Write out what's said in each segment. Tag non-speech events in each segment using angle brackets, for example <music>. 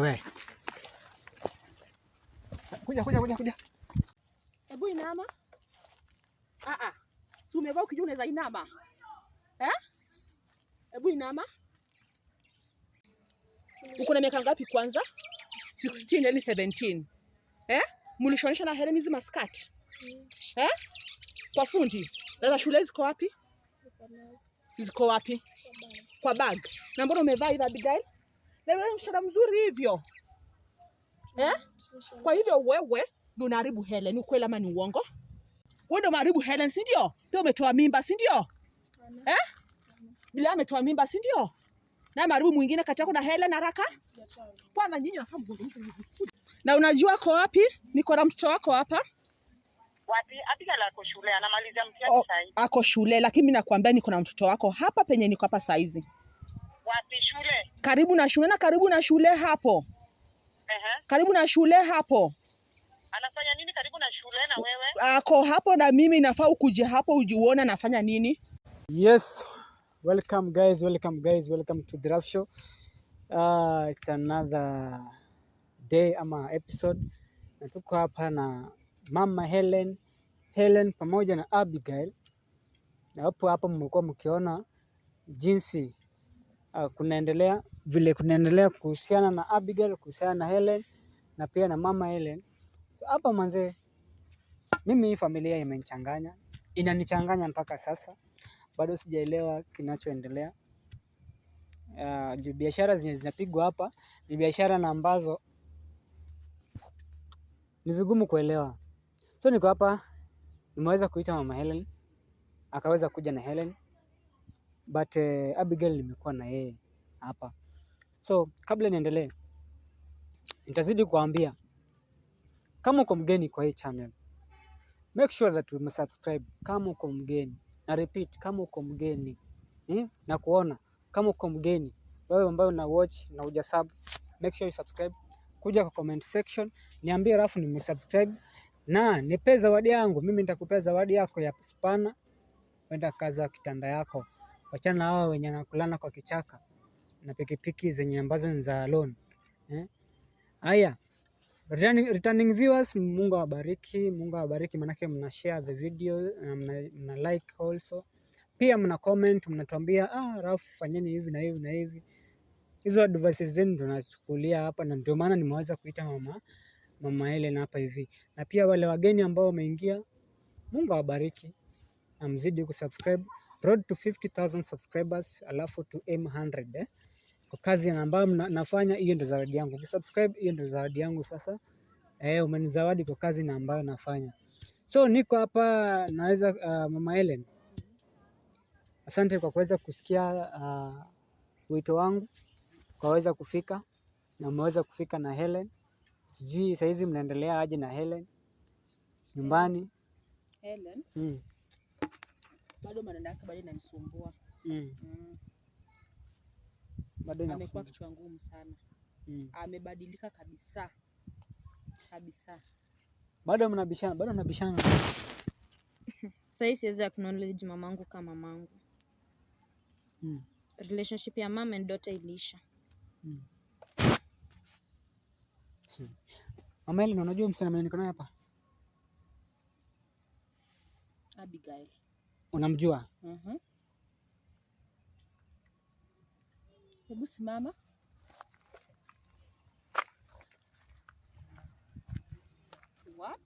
wewe. Kuja kuja kuja kuja. Hebu inama. Ah ah. Si umevaa ukijua unaweza inama. Eh? Hebu inama. Uko na miaka ngapi kwanza? 16 hadi 17. Eh? Mlishonisha na Hermes maskati. Mm. Eh? Kwa fundi. Sasa shule ziko wapi? Ziko wapi? Kwa bag. Na mbona umevaa hivi Abigail? na yule mzuri hivyo eh? Kwa hivyo wewe ndio unaharibu Helen. Ukweli ama ni uongo? Wewe ndio unaharibu Helen, si ndio? Pia umetoa mimba, si ndio? Eh? Bila ametoa mimba, si ndio? Na maribu mwingine kati yako na Helen haraka. Kwanza nyinyi nafaa mgongo. Na unajua ko wapi? Niko na mtoto wako hapa. Wapi? Apika la shule, anamaliza mtihani sasa hivi. Ako shule, lakini mimi nakwambia niko na mtoto wako hapa penye niko hapa saizi wapi? Shule karibu na shule na karibu na shule hapo. Ehe. Karibu na shule hapo. Anafanya nini karibu na shule na wewe? Ah, ako hapo na mimi nafaa ukuje hapo ujiona anafanya nini? Yes. Welcome guys, welcome guys, welcome to Draft Show. Uh, it's another day ama episode na tuko hapa na Mama Helen, Helen pamoja na Abigail na hapo hapo mmekuwa mkiona jinsi Ah, kunaendelea vile kunaendelea kuhusiana na Abigail, kuhusiana na Helen na pia na mama Helen. So hapa manze, mimi hii familia imenichanganya, inanichanganya mpaka sasa, bado sijaelewa kinachoendelea. Uh, biashara zenye zinapigwa hapa ni biashara na ambazo ni vigumu kuelewa. So niko hapa, nimeweza kuita mama Helen, akaweza kuja na Helen but uh, Abigail nimekuwa na yeye hapa. So kabla niendelee, nitazidi kuambia kama uko mgeni kwa hii channel, make sure that umesubscribe kama uko mgeni, na repeat kama uko mgeni hmm? na kuona kama uko mgeni wewe ambayo una watch na uja sub, make sure you subscribe, kuja kwa comment section niambie rafu nimesubscribe na nipe zawadi yangu. Mimi nitakupea zawadi yako ya spana, wenda kaza kitanda yako wachana na hawa wenye wanakulana kwa kichaka na pikipiki zenye ambazo ni za loan eh. Haya, returning, returning viewers, Mungu awabariki, Mungu awabariki, manake mna share the video mna, mna like also pia mna comment, mnatuambia ah, Rafu fanyeni hivi na hivi na hivi. Hizo advices zenu tunachukulia hapa, na ndio maana nimeweza kuita mama mama ile na hapa hivi, na pia wale wageni ambao wameingia, Mungu awabariki, mzidi kusubscribe road to 50000 subscribers alafu to M100 eh. Kwa kazi ambayo nafanya hiyo ndio zawadi yangu. Ukisubscribe hiyo ndio zawadi yangu sasa. Eh, umenizawadi kwa kazi na ambayo nafanya. So niko hapa naweza uh, Mama Ellen. Asante kwa kuweza kusikia uh, wito wangu kwaweza kufika na umeweza kufika na Helen. Sijui saizi mnaendelea aje na Helen nyumbani Helen. Mm bado maneno yake bado inanisumbua. Mm. Mm. bado. mm. Amekuwa kichwa ngumu sana. mm. Amebadilika kabisa kabisa. Bado mnabishana, bado mnabishana. <laughs> Sasa hii siwezi acknowledge mamangu kama mamangu. mm. Relationship ya mama and daughter iliisha. mm. Hmm. Mama Elena, unajua msana mimi niko naye hapa Abigail Unamjua? Mhm. Hebu simama. What?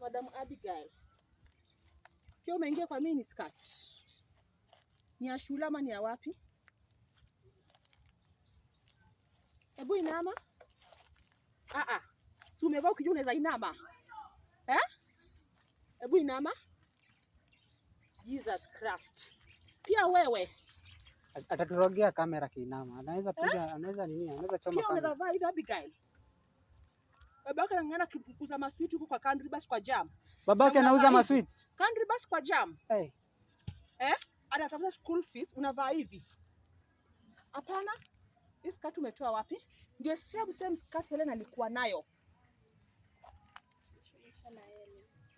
Madam Abigail. Kio umeingia kwa mini skirt. Ni ya shule ama ni ya wapi? Hebu inama. Ah ah. Tumevaa ukijua unaweza inama. Eh? Ebu inama. Jesus Christ. Pia wewe ataturogea kamera kiinama. Anaweza eh? piga, anaweza nini? Anaweza choma kamera. Pia Unaweza vaa hivi Abigail. Babake anang'ana kuuza maswiti huko kwa country bus kwa jam. Babake anauza maswiti. Country bus kwa jam. Hey. Eh? Anatafuta school fees, unavaa hivi. Hapana. Hii skati umetoa wapi? Ndio same same skati Helen alikuwa nayo.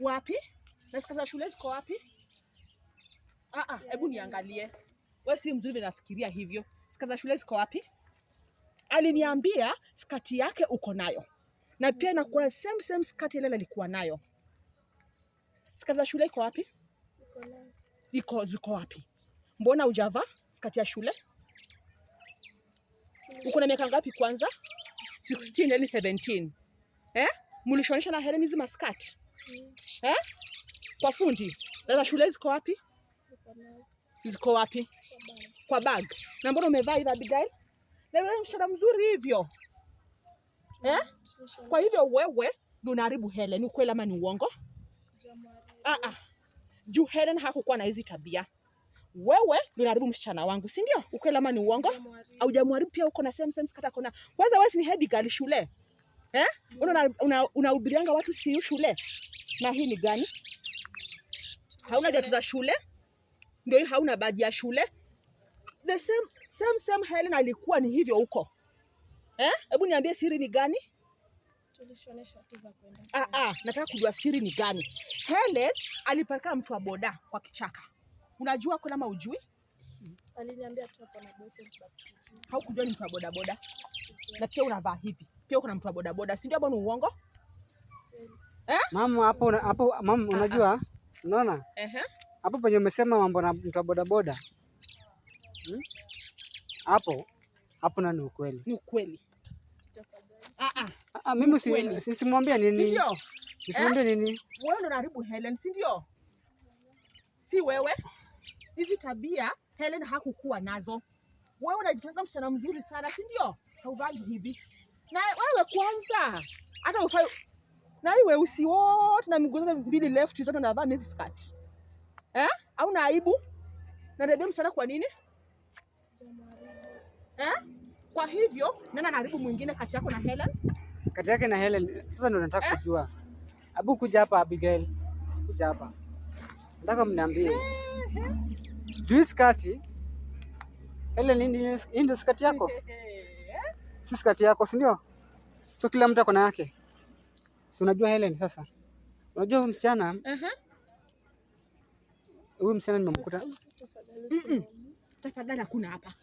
wapi? Nasikia za shule ziko wapi? Ah ah, hebu niangalie. Wewe si mzuri nafikiria hivyo. Sikia za shule ziko wapi? Aliniambia skati yake uko nayo. Na pia na nakuwa same same skati ile alikuwa nayo. Sikia za shule iko wapi? Iko ziko wapi? Mbona hujavaa skati ya shule? Uko na miaka ngapi kwanza? 16 yani 17. Eh? Mulishonesha na Helen Hermes maskati? mm. Eh? Kwa fundi. Sasa shule ziko wapi? Ziko wapi? Kwa bag. Na mbona umevaa hivi Abigail? Na wewe mshara mzuri hivyo. Eh? Kwa hivyo wewe ndio unaharibu Helen, ni kweli ama ni uongo? Ah ah. Juu Helen hakukuwa na hizi tabia. Wewe ndio unaharibu msichana wangu, si ndio? Ukweli ama ni uongo? Au jamwaribu pia uko na same same skata kona. Kwanza wewe si ni head girl shule. Eh? Mm. Una unahubirianga una watu si shule na hii ni gani? Hauna viatu za shule ndio hii, hauna baadhi ya shule. The same, same, same Helen alikuwa ni hivyo huko. Eh? Hebu Niambie siri ni gani? Ah, ah, nataka kujua siri ni gani? Helen alipaka mtu wa boda kwa kichaka. Unajua kama ujui? Aliniambia tu hapo na boyfriend haukujua ni mtu wa bodaboda na pia unavaa hivi, pia kuna mtu wa bodaboda, si ndio? Bwana uongo eh? Mama hapo hapo, mama ah, ah. unajua, unaona hapo penye umesema mambo na mtu wa bodaboda hmm? hapo hapo, na ni ukweli, ni ukweli. Ah, mimi mwambia nini, nisimwambia eh? nini? Wewe ndo unaharibu Helen, si ndio? Si wewe, hizi tabia Helen hakukuwa nazo. Wewe unajitangaza msichana mzuri sana, si ndio? Hauvangi hivi. Na wewe kwanza hata ufai na hii weusi wote na miguu zote mbili left zote na vaa mini skirt. Eh? Au na aibu? Na ndio msichana kwa nini? Eh? Kwa hivyo nani anaharibu mwingine kati yako na Helen? Kati yake na Helen. Sasa ndio nataka eh, kujua. Abu kuja hapa Abigail. Kuja hapa. Nataka mniambie. eh, eh. Juu skati ile ndio skati yako, <laughs> si skati yako, si ndio? So kila mtu akona yake, si unajua Helen. Sasa unajua huyu msichana huyu, uh -huh. msichana nimemkuta Tafadhali hakuna hapa.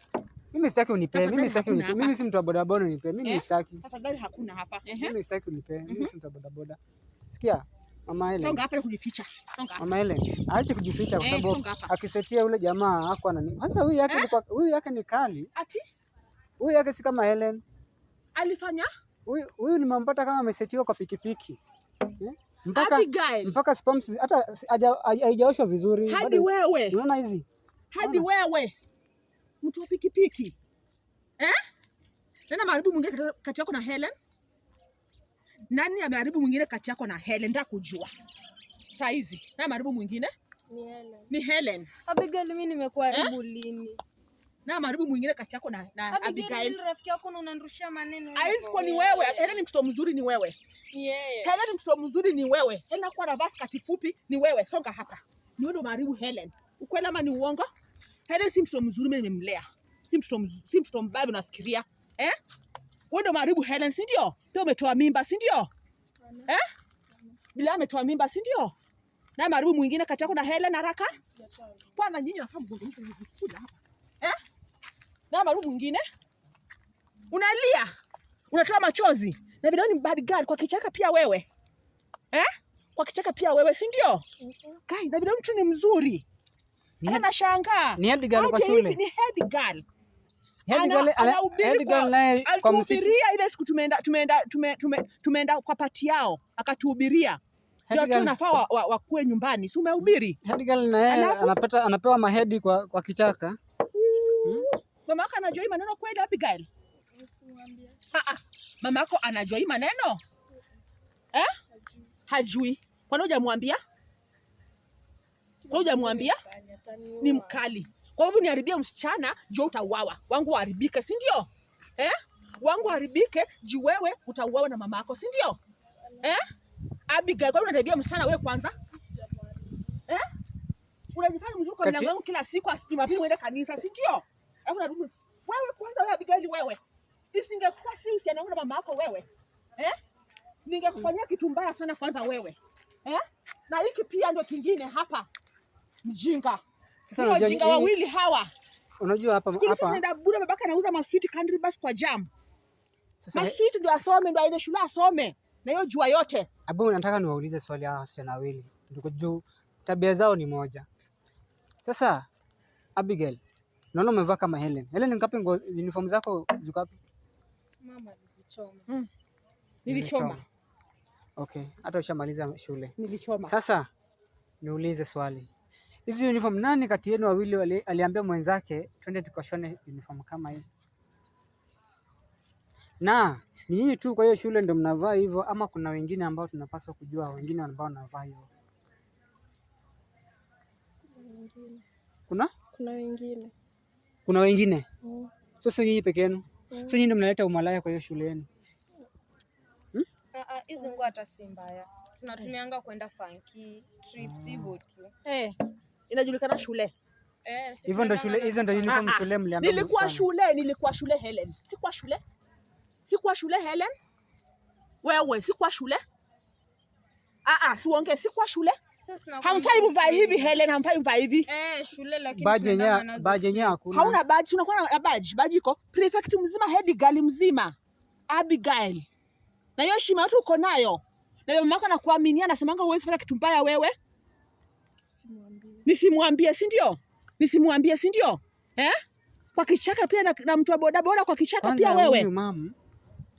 Mimi sitaki unipe. Mimi sitaki unipe. Mimi si mtu wa bodaboda unipe. Mimi eh? sitaki. Tafadhali hakuna hapa. Mimi sitaki unipe. Mimi mhm. si mtu wa bodaboda. Sikia? Mama Helen. Songa hapa kujificha. Songa Mama Helen, aache kujificha kwa eh, sababu akisetia yule jamaa hako anani. Sasa huyu yake eh? Huyu yake ni kali. Ati? Huyu yake si kama Helen. Alifanya? Huyu huyu nimempata kama amesetiwa kwa pikipiki. Eh? Mpaka mpaka spams hata haijaoshwa vizuri. Hadi wewe. Unaona hizi? Hadi wewe. Mtu wa pikipiki. Eh? Tena maribu mwingine kati yako na Helen. Nani ameharibu mwingine kati yako na Helen? Nataka kujua saa hizi nani ameharibu mwingine? Ni Helen. Ni Helen. Abigail, mimi nimekuharibu eh? lini? Na maribu mwingine kati yako na na Abigail. Rafiki yako na maneno. maneno. kwa ni wewe. Helen ni mtoto mzuri ni wewe. Ni yeye. Helen ni mtoto mzuri ni wewe. Helen kwa na basi kati fupi ni wewe. Songa hapa. Ni wewe ndo maribu Helen. Ukweli ama ni uongo? Helen si mtoto mzuri, mimi nimemlea. Si mtoto mzuri, si mtoto mbaya unafikiria. Eh? Wewe ndio maribu Helen, si ndio? Pia umetoa mimba, si ndio? Eh? Bila ametoa mimba, si ndio? Na maribu mwingine kati yako na Helen haraka? Kwanza nyinyi nafahamu mgongo Kuja hapa. Eh? Na maribu mwingine? Unalia. Unatoa machozi. Na vile ni bad girl kwa kichaka pia wewe. Eh? Kwa kichaka pia wewe, si ndio? Kai, na vile mtu ni mzuri. Ana nashangaa. Ni head girl kwa shule. Ni head girl. Yaani yaani alituhubiria ile siku tumeenda tumeenda tumeenda kwa pati yao, akatuhubiria nafaa tunafaa wakuwe nyumbani, si umehubiri anapata anapewa mahedi kwa, kwa kichaka hmm. Hmm? mama yako anajua hii maneno kweli, Abigail? Ah, ah. Mama yako anajua hii maneno eh? Hajui. Kwani hujamwambia? Kwani hujamwambia? Ni mkali. Kwa hivyo niharibie msichana juu utauawa, wangu waharibike, si ndio? Eh? wangu waharibike, juu wewe utauawa na mama yako, si ndio? Eh? Abigail, kwa nini unaharibia msichana wewe kwanza? Eh? Unajifanya mzuri kwa mlango kila siku asijumapili uende kanisa, si ndio? Alafu narudi wewe kwanza, wewe Abigail, wewe. Isingekuwa si usiana na mama yako wewe. Eh? Ningekufanyia kitu mbaya sana kwanza wewe. Eh? Na hiki pia ndio kingine hapa. Mjinga. Wajinga wawili hawa. Unajua hapa hapa. Sasa bure babaka anauza maswiti country bus kwa jam. Sasa maswiti ndio asome ndio aende shule asome. Na hiyo jua yote. Abu nataka niwaulize swali hawa wasichana wawili. Ndio juu tabia zao ni moja. Sasa Abigail, naona umevaa kama Helen. Helen, ngapi uniform zako ziko wapi? Mama nilichoma. Mm. Nilichoma. Okay, hata ushamaliza shule. Nilichoma. Sasa niulize swali hizi uniform, nani kati yenu wawili aliambia mwenzake twende tukashone uniform kama hii? Na ni nyinyi tu kwa hiyo shule ndio mnavaa hivyo, ama kuna wengine ambao tunapaswa kujua, wengine ambao wanavaa hivyo? Kuna kuna wengine, kuna wengine mm. So si nyinyi peke yenu mm. So nyinyi ndio mnaleta umalaya kwa hiyo shule yenu hmm? Ah, ah, hizi hmm? Nguo hata si mbaya, tunatumianga kwenda funky trips hivyo tu. Eh inajulikana shule eh, hivyo ndo shule hizo ndo uniform shule mliambia. Nilikuwa shule, nilikuwa shule Helen. Sikuwa shule. Sikuwa shule Helen. Wewe sikuwa shule. Ah ah, siongee sikuwa shule. Hamfai mvai hivi Helen, hamfai mvai hivi. Eh, shule lakini baji yenyewe, baji yenyewe hakuna. Hauna baji, unakuwa na baji. Baji iko prefect mzima, head girl mzima. Abigail. Na hiyo heshima tu uko nayo. Na mama yako anakuaminia, anasemanga huwezi fanya kitu mbaya wewe. Simuona nisimwambie, si ndio? Nisimwambie, si ndio? Eh? Kwa kichaka pia na, na mtu wa bodaboda kwa kichaka Kwanza pia wewe. Huyu mama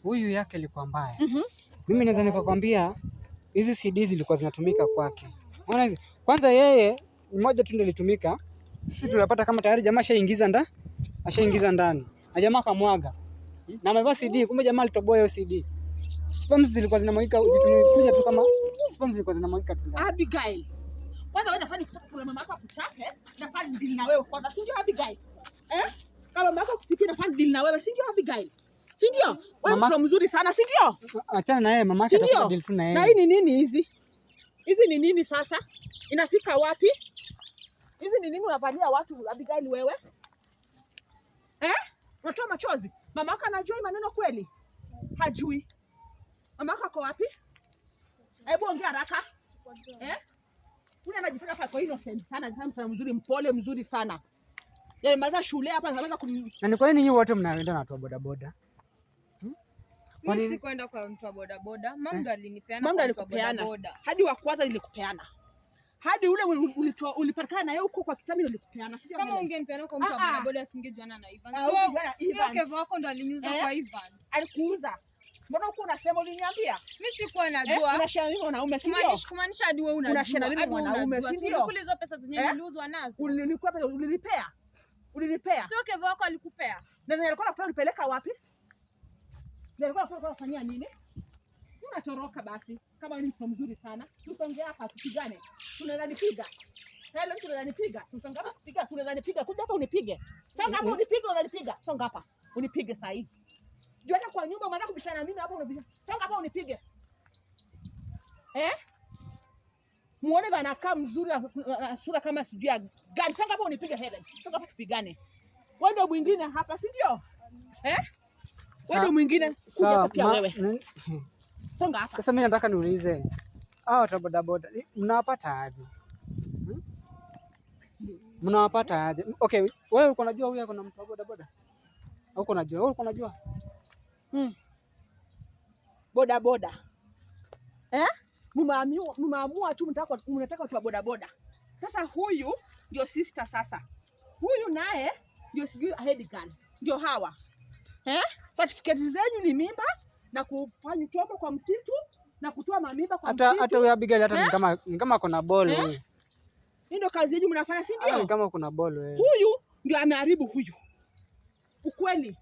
huyu yake ilikuwa mbaya. mm -hmm. Mimi naweza nikakwambia hizi CD zilikuwa zinatumika kwake. Unaona hizi? Kwanza yeye mmoja tu ndio ilitumika. Sisi tunapata kama tayari jamaa ashaingiza nda, ashaingiza ndani. Na jamaa kamwaga. Na amevaa CD, kumbe jamaa alitoboa hiyo CD. Spams zilikuwa zinamwagika vitu vingi tu kama spams zilikuwa zinamwagika tu. Abigail. Kwanza wewe unafanya kama mama yako akuchake nafaa nidili na wewe kwanza, si ndio Abigail? Eh, kama mama yako akuchapie nafaa nidili na wewe, si ndio Abigail? Si ndio? Wewe mtu mzuri sana, si ndio? Achana na yeye, mama yake atakupa deal tu na yeye. Na hii ni nini hizi? Hizi ni nini sasa? Inafika wapi? Hizi ni nini unafanyia watu Abigail wewe? Eh? Unatoa machozi. Mama yako anajua maneno kweli? Hajui. Mama yako ako wapi? Hebu ongea haraka. Eh? Yule anajifanya hapa kwa innocent sana, mtu mzuri, mpole, mzuri sana. Yeye maliza shule hapa anaweza kum... Na ni kwa nini nyinyi wote mnaenda na watu wa bodaboda? Hmm? Mimi sikwenda kwa mtu wa boda boda. Mama ndo eh? alinipeana kwa mtu wa bodaboda. Hadi wa kwanza nilikupeana. Hadi ule ulipatikana naye huko kwa kitambi nilikupeana. Kama ungenipeana kwa mtu wa ah, ah. boda boda singejuana na Ivan. Ah, hiyo kevo yako ndo aliniuza eh? kwa Ivan. Alikuuza. Mbona huko unasema uliniambia? Mimi sikuwa eh, najua. Eh, Unashana mimi mwanaume, si ndio? Kumaanisha hadi wewe unajua. Unashana mimi mwanaume, si ndio? Kule hizo pesa zenye eh? niliuzwa nazo. Ulinikuwa pesa, ulinilipea. Ulinilipea. Sio kevo wako alikupea. Na nani alikuwa anakupea ulipeleka wapi? Na alikuwa anakupea kufanyia nini? Unatoroka basi. Kama ni mtu mzuri sana, tusonge hapa tupigane. Tunaweza nipiga. Sasa mtu tunaweza nipiga. Tusonge hapa tupigane. Tunaweza nipiga. Kuja hapa unipige. Mm-hmm. Songa hapa unipige, unanipiga. Songa hapa. Unipige sasa hivi. Jua hata kwa nyumba unataka kubishana na mimi hapo unabisha. Toka hapo unipige. Eh? Muone bana kama mzuri na sura kama sijui ya gani. Toka hapo unipige heaven. Toka hapo tupigane. Wewe ndio mwingine hapa, si ndio? Eh? Wewe ndio mwingine. Kuja kupia wewe. Songa hapa. Sasa mimi nataka niulize. Hao watu boda boda mnawapata aje? Hmm? Mnawapata aje? Okay, wewe uko unajua huyu ako na mtu boda boda? Uko unajua? Wewe uko unajua? Hmm. boda bodaboda eh? Mmeamua tu mnataka watu boda bodaboda. Sasa huyu ndio sister, sasa huyu naye ndio sijui ahead gun ndio hawa eh? Certificate zenyu ni mimba na kufanya tobo kwa msitu na kutoa mamimba kwa msitu. Hata huyu Abigail hata eh? kama ni kama kuna bolo eh? Hii ndio kazi yenu mnafanya, si ndio? Kama kuna bolo eh. Huyu ndio ameharibu huyu, ukweli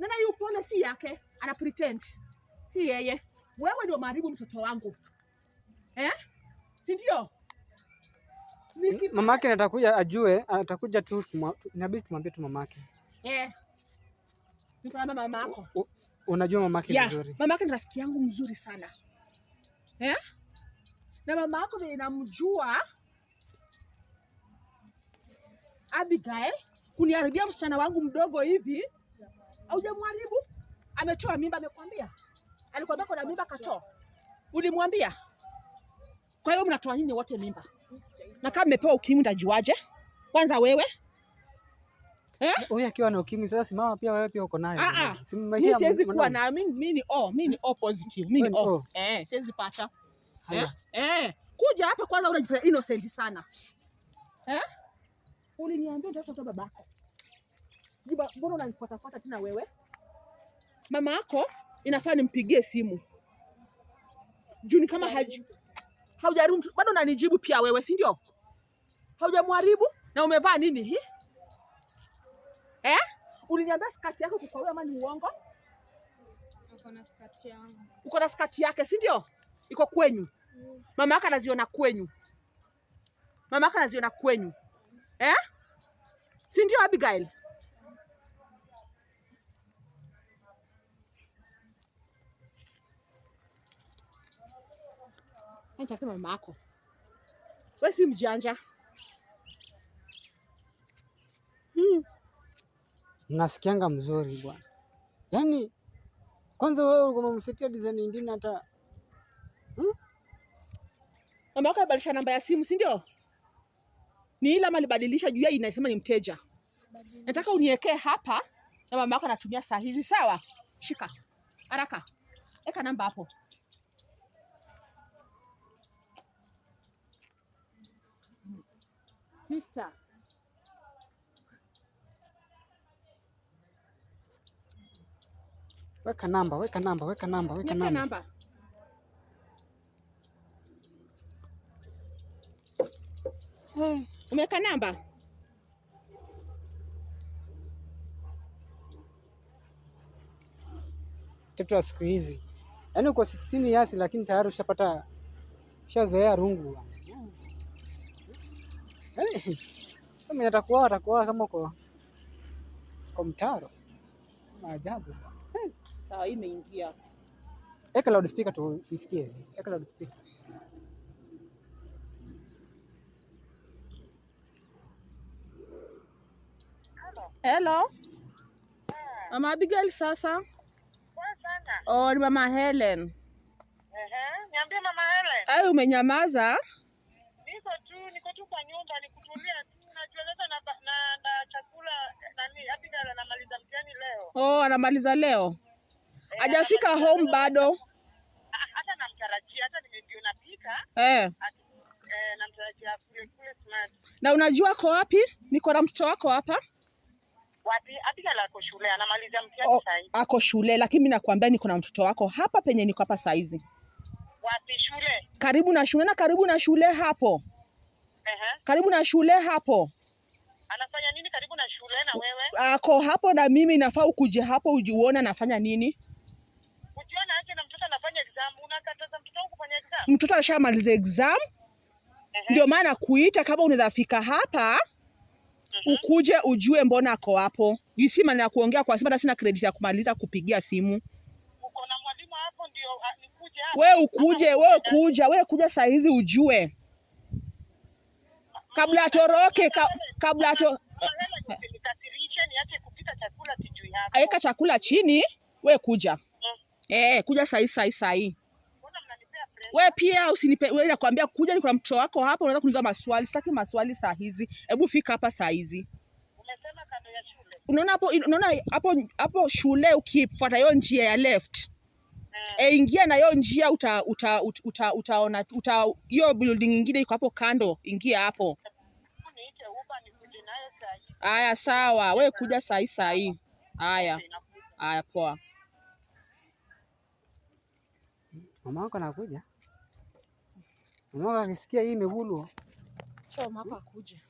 Nana yu kuona si yake, ana pretend. Si yeye. Wewe ndio maribu mtoto wangu. Eh? Si ndio? Mamake atakuja ajue, atakuja tu inabidi tumwambie tu mamake. Eh. Nikwambia mamako. Unajua mamake vizuri. Mamake ni rafiki yangu mzuri sana. Eh? Na mamako ndiye namjua Abigail kuniharibia msichana wangu mdogo hivi. Haujamwaribu? Ametoa mimba, amekwambia? Alikwambia kuna mimba katoa, ulimwambia? Kwa hiyo mnatoa nini wote mimba, na kama mmepewa ukimwi ndajuaje? Kwanza wewe huyu eh? akiwa na ukimwi sasa, simama pia wewe pia uko nayo. Mimi ah, ah. siwezi kuwa na mimi ni O, mimi ni O positive, mimi ni O. Eh, siwezi pata. Eh, eh. kuja hapa kwanza unajifanya innocent sana. Eh? Uliniambia ndio mtoto babako. Juba, mbona unanifuatafuata tena wewe? Mama yako inafaa nimpigie simu juni, kama haujaribu bado unanijibu pia wewe, si ndio? Haujamwaribu na umevaa nini hii eh? Uliniambia skati yako kukauya, ama ni uongo? Uko na skati yake si ndio? Iko kwenyu mm. Mama yako anaziona kwenyu, mama yako anaziona kwenyu eh? si ndio Abigail? Nitasema mama yako wewe si mjanja. Hmm. Nasikianga mzuri bwana, yaani kwanza wewe ulikuwa umemsetia design nyingine hata hmm? Mama yako alibadilisha namba ya simu si ndio? Ni ile ama alibadilisha juu yeye inasema ni mteja. Nataka uniwekee hapa na mama yako anatumia saa hizi sawa? Shika haraka, eka namba hapo pita. Weka namba, weka namba, weka namba, weka namba. Umeweka namba? Mtoto wa siku hizi, yaani uko 16 yasi, lakini tayari ushapata, ushazoea rungu. Sasa nataka kuoa kama uko kwa mtaro. Maajabu. Sawa, hii imeingia. Eka loud speaker tu isikie. Eka loud speaker. Hello. Hello. Mama Abigail sasa. Oh, ni Mama Helen. Eh, niambie Mama Helen. Ai, umenyamaza? Oh, anamaliza leo. Hajafika yeah, home bado. Hata namtarajia, hata nimeambiwa pika Eh. Eh, Namtarajia kule kule smart. Na unajua ko wapi? Niko na mtoto wako hapa. Wapi? Abiga lako shule, anamaliza mtihani oh, saizi. Ako shule lakini mimi nakwambia niko na mtoto wako hapa penye niko hapa saizi. Wapi shule? Karibu na shule na karibu na shule hapo. Uh -huh. Karibu na shule hapo. Anafanya nini karibu na shule na wewe? Ah, ako hapo na mimi nafaa ukuje hapo ujione anafanya nini? Ujiona aje na mtoto anafanya exam. Unakataza mtoto kufanya exam? Mtoto ashamaliza exam. Ndio maana kuita kama unaweza fika hapa Uhum. Ukuje ujue mbona ako hapo. Isi maana ya kuongea kwa simu, hata sina credit ya kumaliza kupigia simu. Uko na mwalimu hapo ndio nikuje ah, hapo. Wewe ukuje, wewe kuja, wewe kuja saa hizi ujue kabla atoroke ka, kabla ato... aeka chakula chini, we kuja mm. eh. E, kuja sai sai sai We pia usinipe, we nakwambia kuja, ni kwa mtoto wako hapo, unaweza kuniuliza maswali. Sitaki maswali saa hizi, hebu fika hapa saa hizi. Unaona hapo, unaona hapo hapo shule, ukifuata hiyo njia ya left E, ingia na hiyo njia uta, uta, uta, uta, utaona uta, hiyo building nyingine iko hapo kando, ingia hapo. Haya, sawa, we kuja saa hii saa hii. Haya, haya, poa. Mama wako anakuja, mama wako akisikia hii imevulwa, mama wako akuje.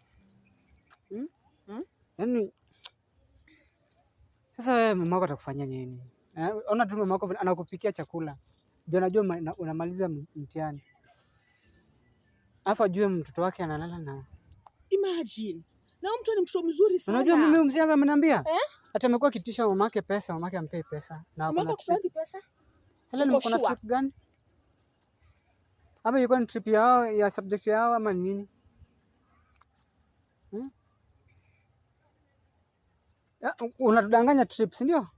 Hmm? Hmm? Yaani sasa mama wako atakufanyia nini? Eh, ona tu mama yako anakupikia chakula, ndio anajua unamaliza mtihani, alafu ajue mtoto wake analala na imagine na mtu ni mtoto mzuri sana. Unajua mimi mzee ameniambia? Eh? Hata amekuwa akitisha mamake pesa, mamake ampee pesa. Na mamake akupeleki pesa? Hela ni kuna trip gani? Ama yuko ni trip yao ya subject yao ama nini? Hmm? Ya, eh, unatudanganya trip, si ndio?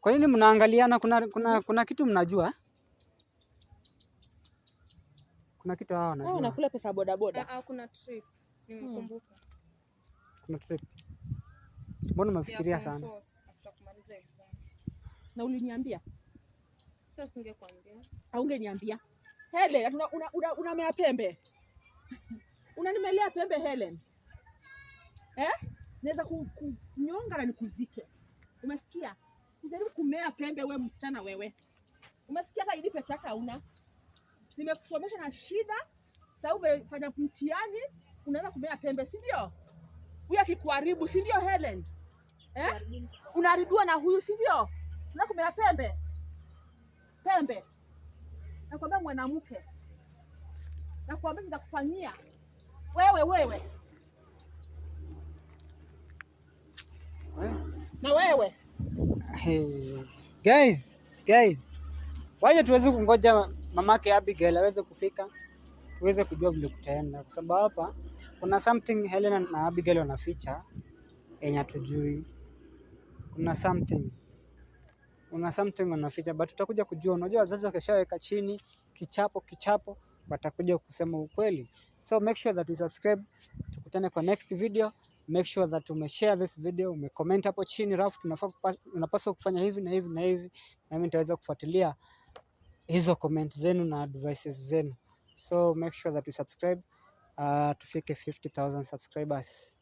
Kwa nini mnaangaliana? Kuna, kuna, kuna kitu mnajua? Kuna kitu hawa wanajua. Wewe wanakula pesa boda boda? Ah, ah, kuna trip. Nimekumbuka. Hmm. Kuna trip. Mbona umefikiria sana? Na uliniambia? Sasa singekuambia. Au ungeniambia? Hele, una, una, una, una mea pembe. <laughs> Unanimelea pembe Helen. Eh? Naweza kunyonga na nikuzike. Umesikia? Ukijaribu kumea pembe, we msichana wewe, umesikia? Hata ili peke yako hauna. Nimekusomesha na shida, sasa umefanya mtihani, unaanza kumea pembe, si ndio? Huyu akikuharibu, si ndio Helen? Eh? Unaharibiwa na huyu, si ndio? Unaanza kumea pembe pembe. Nakwambia mwanamke, nakwambia nitakufanyia wewe wewe eh? na wewe Guys, guys. Waje tuweze kungoja mamake Abigail aweze kufika tuweze kujua vile kutaenda, kwa sababu hapa kuna something Helena na Abigail wanaficha yenye hatujui. Kuna something kuna something wanaficha, but tutakuja kujua. Unajua wazazi wakishaweka chini kichapo kichapo, watakuja kusema ukweli. So make sure that you subscribe, tukutane kwa next video make sure that umeshare this video, umecomment hapo chini Raf, unapaswa kufanya hivi na hivi na hivi, nami nitaweza kufuatilia hizo comment zenu na advices zenu, so make sure that you subscribe uh, tufike 50000 subscribers.